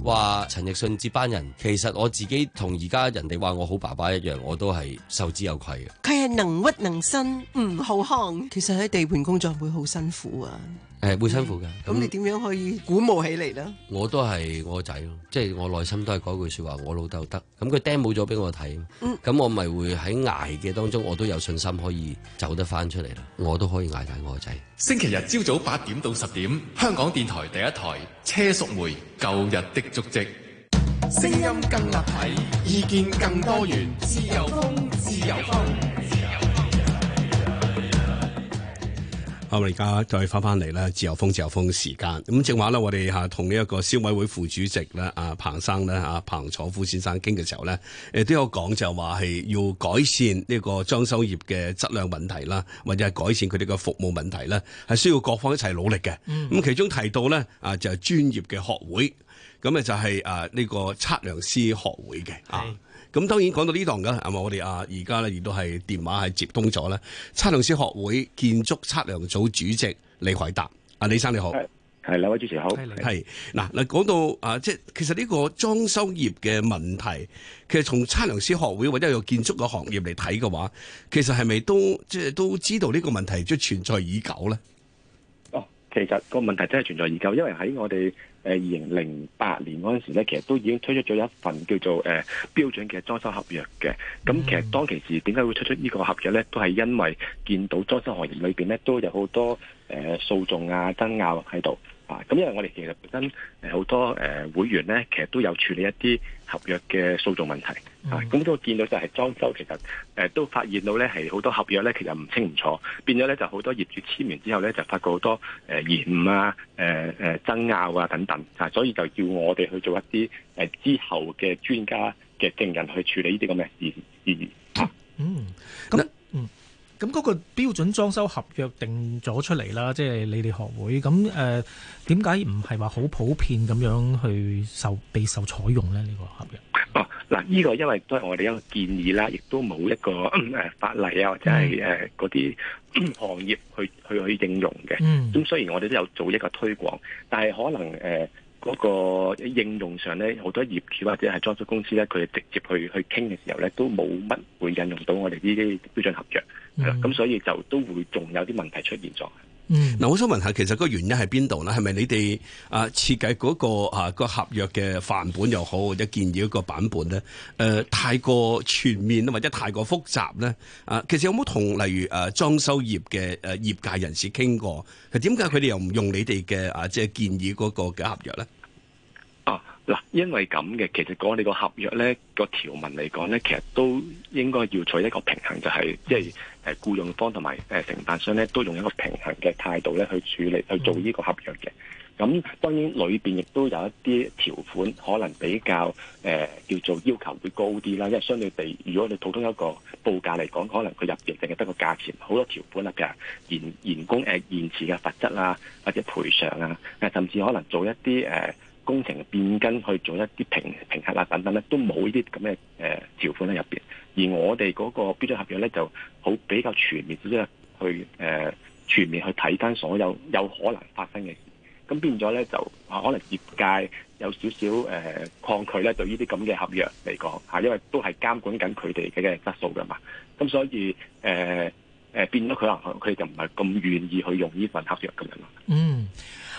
話陳奕迅接班人，其實我自己同而家人哋話我好爸爸一樣，我都係受之有愧嘅。佢係能屈能伸，唔好看。其實喺地盤工作會好辛苦啊。誒，會辛苦嘅。咁、嗯、你點樣可以鼓舞起嚟啦，我都係我仔咯，即、就、係、是、我內心都係嗰句說話，我老豆得。咁佢掹冇咗俾我睇，咁、嗯、我咪會喺挨嘅當中，我都有信心可以走得翻出嚟啦。我都可以挨大我個仔。星期日朝早八點到十點，香港電台第一台車淑梅《舊日的足跡》，聲音更立體，意見更多元，自由風，自由風。好，我哋而家再翻翻嚟咧，自由風自由風時間。咁正話咧，我哋嚇同呢一個消委會副主席咧，阿彭生咧嚇彭楚夫先生傾嘅時候咧，誒都有講就話係要改善呢個裝修業嘅質量問題啦，或者係改善佢哋嘅服務問題啦，係需要各方一齊努力嘅。咁、嗯、其中提到咧啊，就係專業嘅學會，咁咧就係啊呢個測量師學會嘅。咁當然講到係咪、啊、呢檔㗎，阿唔，我哋啊而家咧亦都係電話係接通咗咧。測量師學會建築測量組主席李海達，阿、啊、李生你好，係兩位主持好，係嗱嗱講到啊，即係其實呢個裝修業嘅問題，其實從測量師學會或者有建築個行業嚟睇嘅話，其實係咪都即係都知道呢個問題即係存在已久咧？哦，其實個問題真係存在已久，因為喺我哋。誒二零零八年嗰陣時咧，其實都已經推出咗一份叫做誒、呃、標準嘅裝修合約嘅。咁其實當其時點解會推出呢個合約咧，都係因為見到裝修行業裏邊咧都有好多誒、呃、訴訟啊、爭拗喺度。咁因為我哋其實本身誒好多誒會員咧，其實都有處理一啲合約嘅訴訟問題啊。咁、嗯、都見到就係裝修，其實誒都發現到咧係好多合約咧其實唔清唔楚，變咗咧就好多業主簽完之後咧就發覺好多誒延誤啊、誒、啊、誒爭拗啊等等啊，所以就要我哋去做一啲誒之後嘅專家嘅證人去處理呢啲咁嘅事事、啊嗯。嗯，咁那嗯。咁嗰個標準裝修合約定咗出嚟啦，即係你哋學會咁誒，點解唔係話好普遍咁樣去受被受採用咧？呢個合約？哦，嗱，呢個因為都係我哋一個建議啦，亦都冇一個誒法例啊，或者係嗰啲行業去去去應用嘅。咁雖然我哋都有做一個推廣，但係可能誒嗰個應用上咧，好多業主或者係裝修公司咧，佢哋直接去去傾嘅時候咧，都冇乜會引用到我哋呢啲標準合約。咁、嗯、所以就都會仲有啲問題出現咗。嗯，嗱、嗯，我、嗯、想問下，其實嗰個原因係邊度咧？係咪你哋啊設計嗰個啊個合約嘅範本又好，或者建議嗰個版本咧？誒、呃，太過全面或者太過複雜咧？啊、呃，其實有冇同例如誒、啊、裝修業嘅誒業界人士傾過？點解佢哋又唔用你哋嘅啊？即係建議嗰個嘅合約咧？啊，嗱、啊，因為咁嘅，其實講你個合約咧、個條文嚟講咧，其實都應該要取一個平衡，就係即係。誒僱用方同埋誒承辦商咧，都用一個平衡嘅態度咧去處理去做呢個合約嘅。咁當然裏邊亦都有一啲條款可能比較誒、呃、叫做要求會高啲啦，因為相對地，如果你普通一個報價嚟講，可能佢入邊淨係得個價錢，好多條款啊，譬如延延工誒延遲嘅罰則啊，或者賠償啊，甚至可能做一啲誒、呃、工程變更去做一啲評評核啊等等咧，都冇呢啲咁嘅誒條款喺入邊。而我哋嗰個標準合約咧就好比較全面去，即係去誒全面去睇返所有有可能發生嘅事，咁變咗咧就可能業界有少少誒、呃、抗拒咧，對呢啲咁嘅合約嚟講，嚇，因為都係監管緊佢哋嘅質素㗎嘛，咁所以誒。呃誒變咗佢，可能佢就唔係咁願意去用呢份合約咁樣咯。嗯，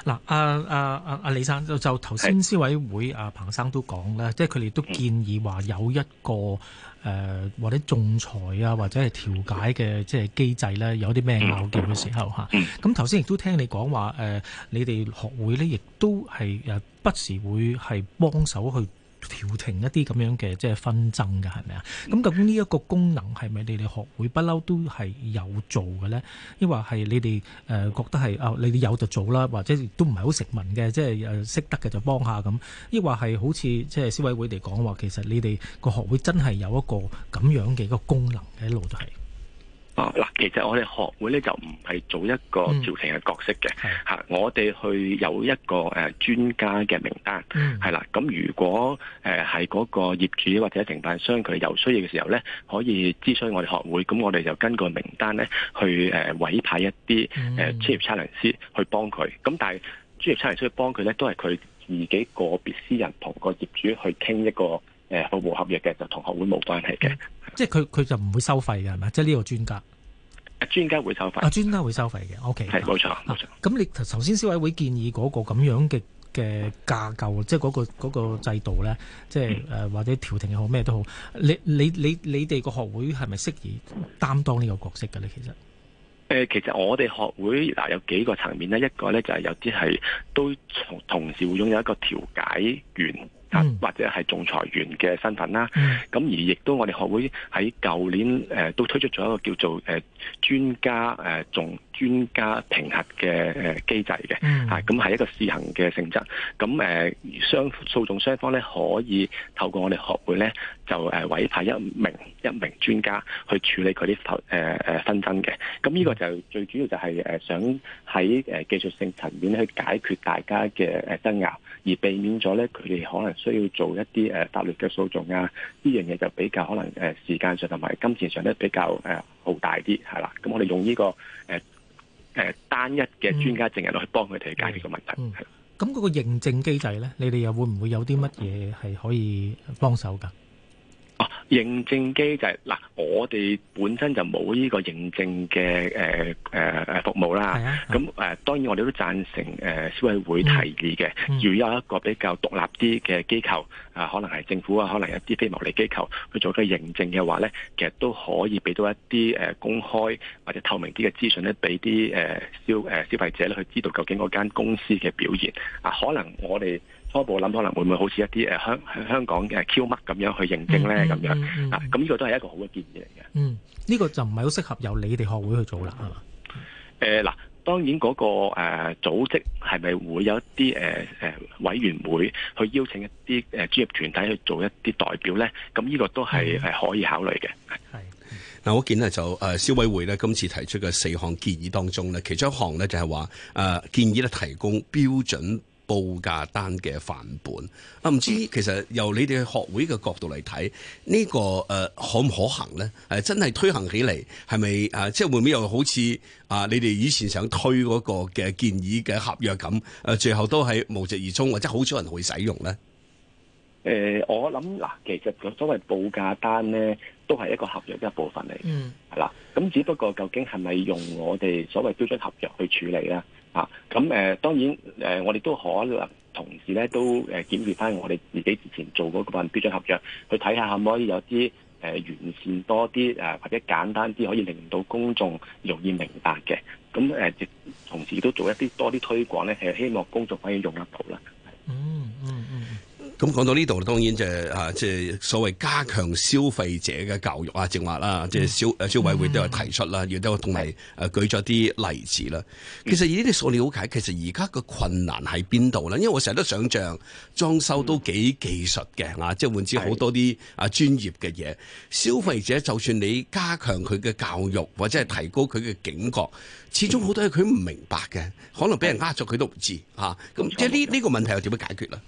嗱、啊，阿阿阿阿李生就就頭先，消委會阿是、啊、彭生都講啦，即係佢哋都建議話有一個誒、嗯呃、或者仲裁啊，或者係調解嘅即係機制咧，有啲咩拗撬嘅時候嚇。咁頭先亦都聽你講話誒，你哋學會呢，亦都係誒不時會係幫手去。調停一啲咁樣嘅即係紛爭㗎係咪啊？咁究竟呢一個功能係咪你哋學會不嬲都係有做嘅咧？抑或係你哋誒、呃、覺得係啊、呃？你哋有就做啦，或者亦都唔係好成文嘅，即係誒、啊、識得嘅就幫下咁。抑或係好似即係消委會嚟講話，其實你哋個學會真係有一個咁樣嘅一個功能嘅一路都係。嗱、哦，其實我哋學會咧就唔係做一個調停嘅角色嘅，嚇、嗯啊、我哋去有一個誒、呃、專家嘅名單，係啦、嗯。咁如果誒係嗰個業主或者承辦商佢有需要嘅時候咧，可以諮詢我哋學會，咁我哋就跟個名單咧去誒、呃、委派一啲誒專業測量師去幫佢。咁、嗯、但係專業測量師去幫佢咧，都係佢自己個別私人同個業主去傾一個。誒保護合約嘅就同學會冇關係嘅、嗯，即係佢佢就唔會收費嘅，係咪？即係呢個專家、啊，專家會收費。啊，專家會收費嘅。O K，係冇錯。冇錯。咁、啊、你頭先消委會建議嗰個咁樣嘅嘅架構，即係嗰、嗰個嗰個制度咧，即係、嗯呃、或者調停又好咩都好，你你你你哋個學會係咪適宜擔當呢個角色嘅咧？其實、呃、其實我哋學會嗱、呃、有幾個層面咧，一個咧就係、是、有啲係都同同時會擁有一個調解員。或者係仲裁員嘅身份啦，咁、嗯、而亦都我哋學會喺舊年誒、呃、都推出咗一個叫做誒專、呃、家誒、呃。仲。專家評核嘅誒機制嘅，嚇咁係一個試行嘅性質。咁而雙訴訟雙方咧可以透過我哋學會咧，就誒委派一名一名專家去處理佢啲頭誒誒紛爭嘅。咁呢個就最主要就係誒想喺誒技術性層面去解決大家嘅誒爭拗，而避免咗咧佢哋可能需要做一啲誒法律嘅訴訟啊，呢樣嘢就比較可能誒時間上同埋金錢上咧比較誒耗、呃、大啲，係啦。咁我哋用呢、呢個誒。呃誒、嗯、單一嘅專家證人落去幫佢哋解決個問題，咁嗰、嗯那個認證機制咧，你哋又會唔會有啲乜嘢係可以幫手噶？哦、啊，認證機就係、是、嗱、啊，我哋本身就冇呢個認證嘅誒、啊啊、服務啦。咁誒、啊、當然我哋都贊成誒、啊、消委會提議嘅，嗯、如果有一個比較獨立啲嘅機構啊，可能係政府啊，可能一啲非牟利機構去做一個認證嘅話咧，其實都可以俾到一啲、啊、公開或者透明啲嘅資訊咧，俾啲誒消誒、啊、消費者咧去知道究竟嗰間公司嘅表現啊，可能我哋。初步諗可能會唔會好似一啲誒香香港嘅 Q 乜咁樣去認證咧咁樣啊？咁、這、呢個都係一個好嘅建議嚟嘅。嗯，呢、這個就唔係好適合由你哋學會去做啦，係嘛、嗯？誒嗱吧、呃，當然嗰、那個誒、呃、組織係咪會有一啲誒誒委員會去邀請一啲誒、呃、專業團體去做一啲代表咧？咁、嗯、呢、這個都係、嗯、可以考慮嘅。係嗱，我見咧就誒消、呃、委會咧今次提出嘅四項建議當中咧，其中一項咧就係話誒建議咧提供標準。報價單嘅範本啊，唔知其實由你哋學會嘅角度嚟睇，呢、呢個、呃、可唔可行咧、啊？真係推行起嚟，係咪、啊、即係會唔會又好似啊你哋以前想推嗰個嘅建議嘅合約咁、啊、最後都係無疾而終，或者好少人會使用咧？誒、呃，我諗嗱，其實個所謂報價單咧，都係一個合約嘅一部分嚟，係啦、嗯。咁只不過究竟係咪用我哋所謂標準合約去處理咧？啊，咁誒、呃，當然誒、呃，我哋都可能同時咧，都誒檢視翻我哋自己之前做嗰份標準合約，去睇下可唔可以有啲誒、呃、完善多啲誒，或者簡單啲，可以令到公衆容易明白嘅。咁誒、呃，同時都做一啲多啲推廣咧，係希望公衆可以用得到啦、嗯。嗯嗯嗯。咁講到呢度咧，當然就係、啊，即、就係、所謂加強消費者嘅教育啊、正話啦，即、就、係、係、消消委會都有提出啦，亦、嗯、都同埋誒舉咗啲例子啦、嗯。其實以呢啲所了解，其實而家嘅困難喺邊度咧？因為我成日都想象裝修都幾技術嘅啊，即係換之好多啲啊專業嘅嘢。是消費者就算你加強佢嘅教育或者係提高佢嘅警覺，始終好多嘢佢唔明白嘅，嗯、可能俾人呃咗佢都唔知吓。咁即係呢呢個問題又點樣解決咧？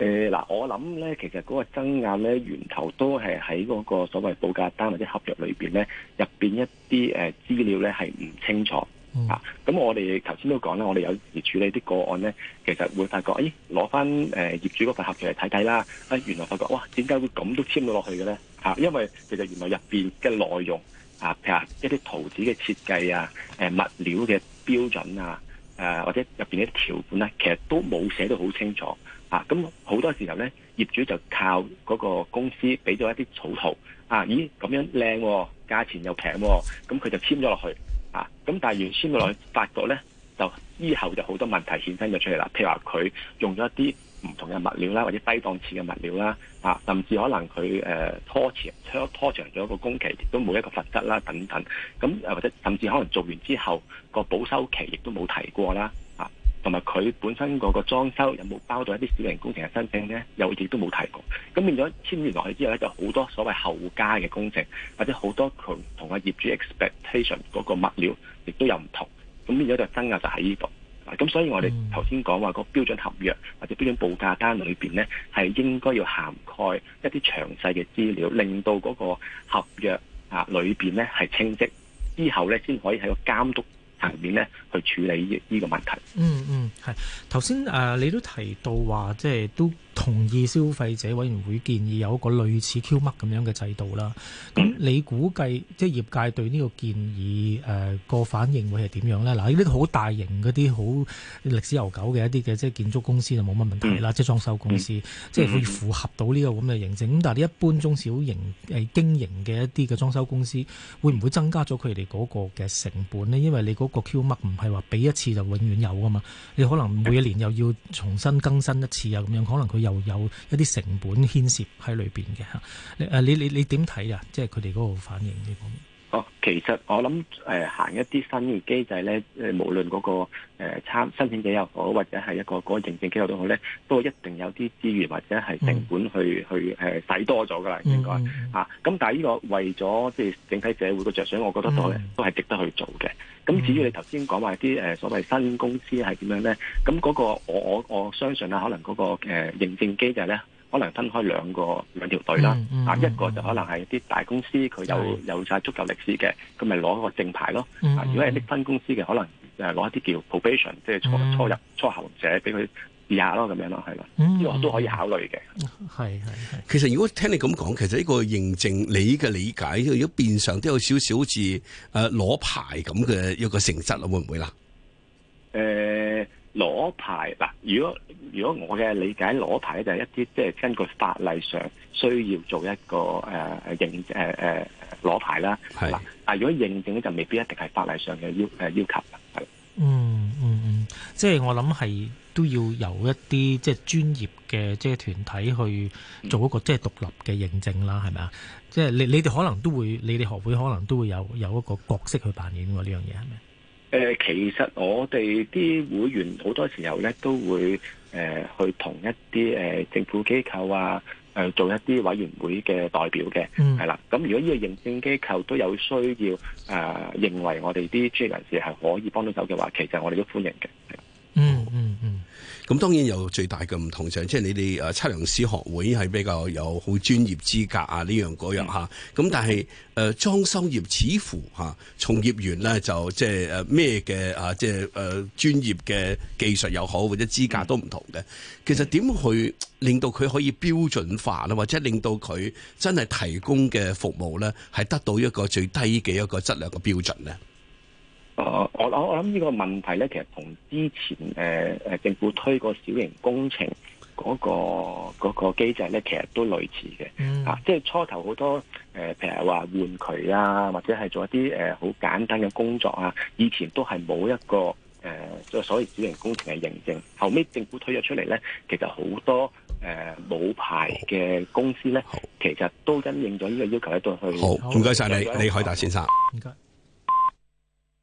誒嗱、呃，我諗咧，其實嗰個增壓咧，源頭都係喺嗰個所謂報價單或者合約裏面咧，入面一啲誒資料咧係唔清楚、嗯、啊。咁我哋頭先都講啦，我哋有時處理啲個案咧，其實會發覺，咦、哎，攞翻誒業主嗰份合約嚟睇睇啦，原來發覺，哇，點解會咁都簽到落去嘅咧、嚇、啊？因為其實原來入面嘅內容啊，譬如話一啲圖紙嘅設計啊，物料嘅標準啊。誒或者入邊啲條款咧，其實都冇寫到好清楚啊！咁好多時候咧，業主就靠嗰個公司俾咗一啲草圖啊，咦咁樣靚、哦，價錢又平、哦，咁佢就簽咗落去啊！咁但係原簽咗落去，發覺咧就之後就好多問題衍生咗出嚟啦，譬如話佢用咗一啲。唔同嘅物料啦，或者低檔次嘅物料啦，啊，甚至可能佢誒拖延，拖長長咗個工期，亦都冇一個罰則啦等等，咁或者甚至可能做完之後個保修期亦都冇提過啦，啊，同埋佢本身嗰個裝修有冇包到一啲小型工程嘅申請咧，又亦都冇提過，咁變咗簽完落去之後咧，就好多所謂後加嘅工程，或者好多佢同個業主 expectation 嗰個物料亦都有唔同，咁變咗就真嘅就喺呢度。咁所以我哋頭先講話個標準合約或者標準報價單裏面呢，係應該要涵蓋一啲詳細嘅資料，令到嗰個合約啊裏邊呢係清晰，之後呢，先可以喺個監督層面呢去處理呢個個問題。嗯嗯，係頭先誒，你都提到話即係都。同意消費者委員會建議有一個類似 QMark 咁樣嘅制度啦。咁你估計即係業界對呢個建議誒個、呃、反應會係點樣咧？嗱，呢啲好大型嗰啲好歷史悠久嘅一啲嘅即係建築公司就冇乜問題啦，嗯、即係裝修公司、嗯、即係可以符合到呢個咁嘅認證。咁但係一般中小型誒經營嘅一啲嘅裝修公司，會唔會增加咗佢哋嗰個嘅成本呢？因為你嗰個 QMark 唔係話俾一次就永遠有㗎嘛。你可能每一年又要重新更新一次啊咁樣，可能佢。又有一啲成本牽涉喺裏面嘅嚇，你誒你你你點睇啊？即係佢哋嗰個反應呢方面？哦，其實我諗誒、呃、行一啲新嘅機制咧，誒、呃、無論嗰、那個誒、呃、申請者又好，或者係一個嗰個認證機構都好咧，都一定有啲資源或者係成本去、mm. 去使多咗㗎啦，應該咁、mm. 啊、但係呢個為咗即係整體社會嘅着想，我覺得我呢都係都係值得去做嘅。咁至於你頭先講話啲所謂新公司係點樣咧？咁嗰個我我我相信啦，可能嗰、那個誒、呃、認證機制咧。可能分開兩個兩條隊啦，嗯嗯、啊一個就可能係啲大公司，佢有的有曬足夠歷史嘅，咁咪攞個正牌咯。嗯嗯啊、如果係拎分公司嘅，可能誒攞一啲叫 probation，即係初、嗯、初入初行者，俾佢試下咯，咁樣咯，係咯，呢、嗯、個都可以考慮嘅。係係其實如果聽你咁講，其實呢個認證，你嘅理解，如果變相都有少少好似誒攞牌咁嘅一個性質咯，會唔會啦？誒、呃。攞牌嗱，如果如果我嘅理解，攞牌咧就係一啲即係根據法例上需要做一個、呃、認誒攞、呃、牌啦，是但如果認證咧，就未必一定係法例上嘅要要求，係。嗯嗯嗯，即係我諗係都要由一啲即係專業嘅即係團體去做一個、嗯、即係獨立嘅認證啦，係咪啊？即係你你哋可能都會，你哋學會可能都會有有一個角色去扮演㗎、啊、呢樣嘢，係咪？誒、呃，其實我哋啲會員好多時候咧都會誒、呃、去同一啲誒、呃、政府機構啊，誒、呃、做一啲委員會嘅代表嘅，係啦、嗯。咁如果呢個認證機構都有需要，誒、呃、認為我哋啲專業人士係可以幫到手嘅話，其實我哋都歡迎嘅。咁當然有最大嘅唔同就係，即係你哋啊測量師學會係比較有好專業資格啊，呢樣嗰樣下，咁但係誒、呃、裝修業似乎嚇、啊、從業員咧就、呃啊、即係誒咩嘅啊即係誒專業嘅技術又好或者資格都唔同嘅。其實點去令到佢可以標準化，或者令到佢真係提供嘅服務咧係得到一個最低嘅一個質量嘅標準咧？我我我諗呢個問題咧，其實同之前誒誒、呃、政府推個小型工程嗰、嗰個嗰、嗰個機制咧，其實都類似嘅。嗯、啊，即係初頭好多誒、呃，譬如話換渠啊，或者係做一啲誒好簡單嘅工作啊，以前都係冇一個誒，即係、呃、所謂小型工程嘅認證。後尾政府推咗出嚟咧，其實好多誒冇、呃、牌嘅公司咧，好其實都因應咗呢個要求喺度去做。好。唔該晒你，李海達先生。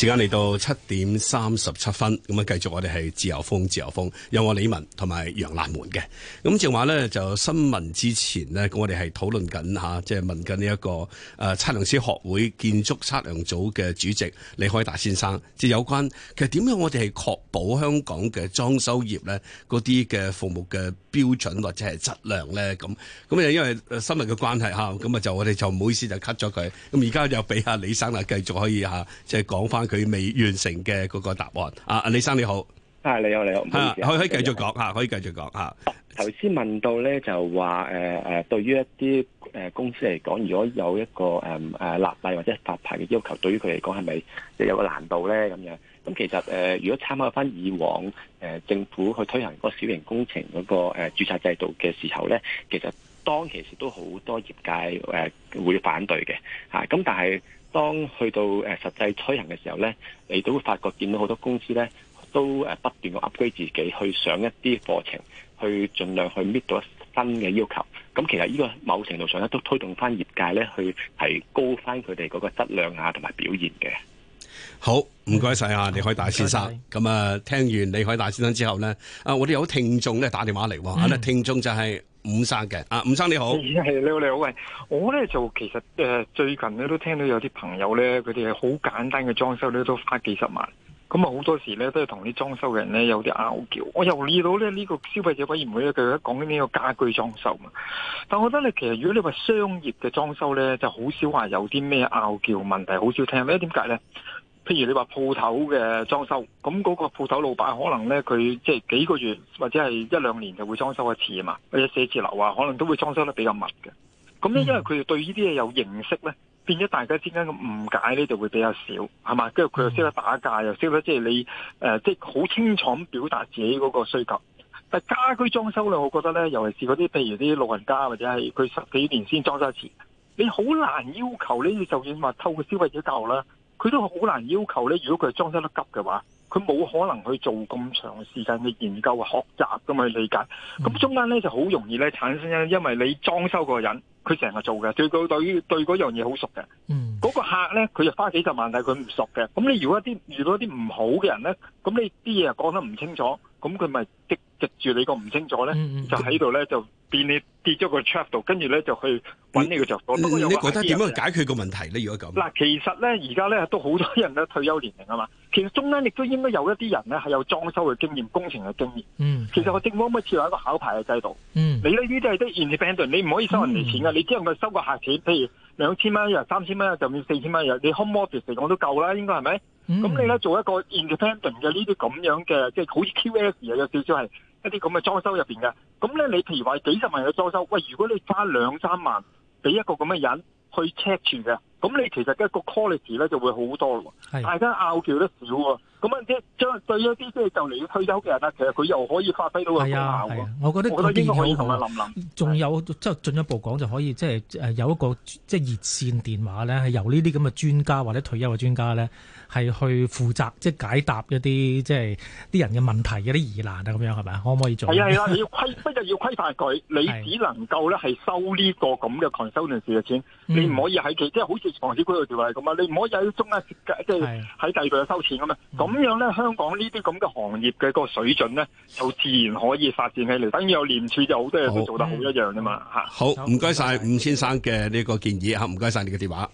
時間嚟到七點三十七分，咁啊繼續我哋係自由風，自由風有我李文同埋楊立門嘅。咁正話咧，就新聞之前咧，我哋係討論緊吓，即係問緊呢一個誒測量師學會建築測量組嘅主席李海達先生，即係有關其實點樣我哋係確保香港嘅裝修業咧嗰啲嘅服務嘅。標準或者係質量咧，咁咁啊，因為新聞嘅關係嚇，咁啊就我哋就唔好意思就 cut 咗佢。咁而家就俾阿李生啊，繼續可以嚇，即係講翻佢未完成嘅嗰個答案。啊，李生你好，係你好，你好，可以可以繼續講嚇，可以繼續講嚇。頭先問到咧就話誒誒，對於一啲誒公司嚟講，如果有一個誒誒立例或者發牌嘅要求，對於佢嚟講係咪即有個難度咧咁樣？咁其實、呃、如果參考翻以往、呃、政府去推行嗰個小型工程嗰個誒、呃、註冊制度嘅時候咧，其實當其時都好多業界誒、呃、會反對嘅嚇咁、啊、但係當去到誒、呃、實際推行嘅時候咧，你都會發覺見到好多公司咧都不斷嘅 upgrade 自己，去上一啲課程，去盡量去搣到新嘅要求。咁、啊、其實呢個某程度上咧，都推動翻業界咧去提高翻佢哋嗰個質量啊，同埋表現嘅。好，唔該晒啊，李海達先生。咁啊，聽完李海達先生之後咧、嗯，啊，我哋有聽眾咧打電話嚟，喎。聽眾就係伍生嘅。啊，伍生你好，係你好你好，喂，我咧就其實誒、呃，最近咧都聽到有啲朋友咧，佢哋係好簡單嘅裝修咧，都花幾十萬，咁啊好多時咧都係同啲裝修嘅人咧有啲拗撬。我又留意到咧呢、這個消費者委員會咧佢講緊呢個家居裝修啊。但我覺得咧其實如果你話商業嘅裝修咧，就好少話有啲咩拗撬問題，好少聽。因為點解咧？譬如你話鋪頭嘅裝修，咁嗰個鋪頭老闆可能呢，佢即係幾個月或者係一兩年就會裝修一次啊嘛，或者寫字樓啊，可能都會裝修得比較密嘅。咁呢，因為佢哋對呢啲嘢有認識呢，變咗大家之間嘅誤解呢就會比較少，係嘛？跟住佢又識得打價，又識得即係你誒，即係好清楚咁表達自己嗰個需求。但家居裝修呢，我覺得呢，尤其是嗰啲譬如啲老人家或者係佢十幾年先裝修一次，你好難要求呢，就算話透過消費者教育啦。佢都好難要求咧，如果佢係裝修得急嘅話，佢冇可能去做咁長時間嘅研究啊、學習咁去理解。咁中間咧就好容易咧產生咧，因為你裝修嗰個人，佢成日做嘅，對對對嗰樣嘢好熟嘅。嗯，嗰個客咧，佢就花幾十萬，但係佢唔熟嘅。咁你如果啲遇到一啲唔好嘅人咧，咁你啲嘢又講得唔清楚，咁佢咪激？就住你個唔清楚咧，嗯嗯、就喺度咧就變你跌咗個 trap 度，跟住咧就去揾呢你個着手。不過你覺得點樣解決個問題咧？如果咁，嗱，其實咧而家咧都好多人咧退休年齡啊嘛。其實中間亦都應該有一啲人咧係有裝修嘅經驗、工程嘅經驗。嗯、其實個政府可唔可以設立一個考牌嘅制度？嗯、你呢啲都係啲 independent，你唔可以收人哋錢㗎，嗯、你只係咪收個客錢？譬如兩千蚊一日、三千蚊就變四千蚊一日，你 home office 嚟都夠啦，應該係咪？咁、嗯、你咧做一個 independent 嘅呢啲咁樣嘅，即係好似 QS 有少少係。一啲咁嘅裝修入面嘅，咁咧你譬如話幾十萬嘅裝修，喂，如果你花兩三萬俾一個咁嘅人去 check 住嘅。咁你其實一個 quality 咧就會好多咯，大家拗撬得少喎。咁啊，即係將對一啲即係就嚟、是、要退休嘅人啊，其實佢又可以發揮到個效喎。係我覺得個影響同埋林林仲有即係進一步講，就可以即係、就是、有一個即係熱線電話咧，係由呢啲咁嘅專家或者退休嘅專家咧，係去負責即係、就是、解答一啲即係啲人嘅問題、有啲疑難啊咁樣係咪可唔可以做？係啊係啊，你要規不就要規範佢，你只能夠咧係收呢個咁嘅 consultant 嘅錢，的你唔可以喺佢、嗯、即係好似。防止管道條例咁啊，你唔可以喺中間即係喺第二度收錢咁的、嗯、樣呢。咁樣咧，香港呢啲咁嘅行業嘅個水準咧，就自然可以發展起嚟。等於有廉署，就好多嘢佢做得好一樣啫嘛，吓、嗯。好，唔該晒伍先生嘅呢個建議吓，唔該晒你嘅電話。